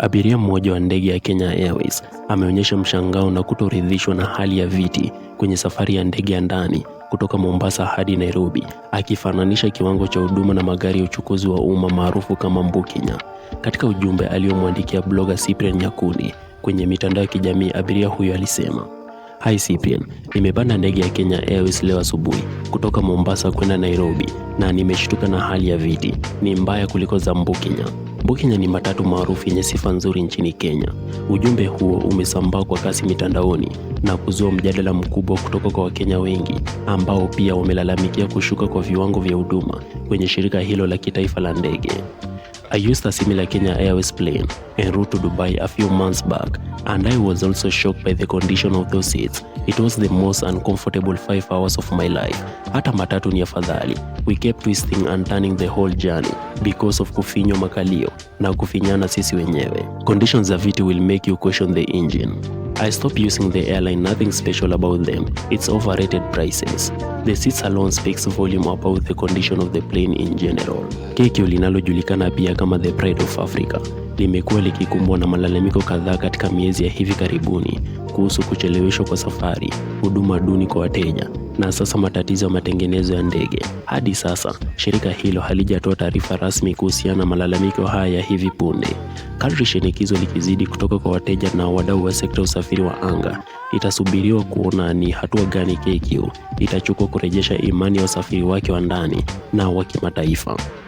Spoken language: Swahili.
Abiria mmoja wa ndege ya Kenya Airways ameonyesha mshangao na kutoridhishwa na hali ya viti kwenye safari ya ndege ya ndani kutoka Mombasa hadi Nairobi, akifananisha kiwango cha huduma na magari ya uchukuzi wa umma maarufu kama mbukinya Katika ujumbe aliyomwandikia bloga Cyprian Nyakundi kwenye mitandao ya kijamii, abiria huyo alisema: Hi Cyprian, nimepanda ndege ya Kenya Airways leo asubuhi kutoka Mombasa kwenda Nairobi na nimeshtuka na hali ya viti, ni mbaya kuliko za Mbukenya bukenya ni matatu maarufu yenye sifa nzuri nchini Kenya. Ujumbe huo umesambaa kwa kasi mitandaoni na kuzua mjadala mkubwa kutoka kwa Wakenya wengi ambao pia wamelalamikia kushuka kwa viwango vya huduma kwenye shirika hilo la kitaifa la ndege. I used a similar Kenya Airways plane en route to Dubai a few months back, and I was also shocked by the condition of those seats. It was the most uncomfortable five hours of my life. Hata matatu ni afadhali. We kept twisting and turning the whole journey because of kufinywa makalio na kufinyana sisi wenyewe. Conditions of it will make you question the engine. I stopped using the airline, nothing special about them. It's overrated prices. The seats alone speaks volume about the condition of the plane in general. Kekio linalojulikana pia kama the pride of Africa limekuwa likikumbwa na malalamiko kadhaa katika miezi ya hivi karibuni kuhusu kucheleweshwa kwa safari, huduma duni kwa wateja na sasa matatizo ya matengenezo ya ndege. Hadi sasa shirika hilo halijatoa taarifa rasmi kuhusiana na malalamiko haya ya hivi punde. Kadri shinikizo likizidi kutoka kwa wateja na wadau wa sekta ya usafiri wa anga, itasubiriwa kuona ni hatua gani KQ itachukua kurejesha imani ya usafiri wake wa ndani na wa kimataifa.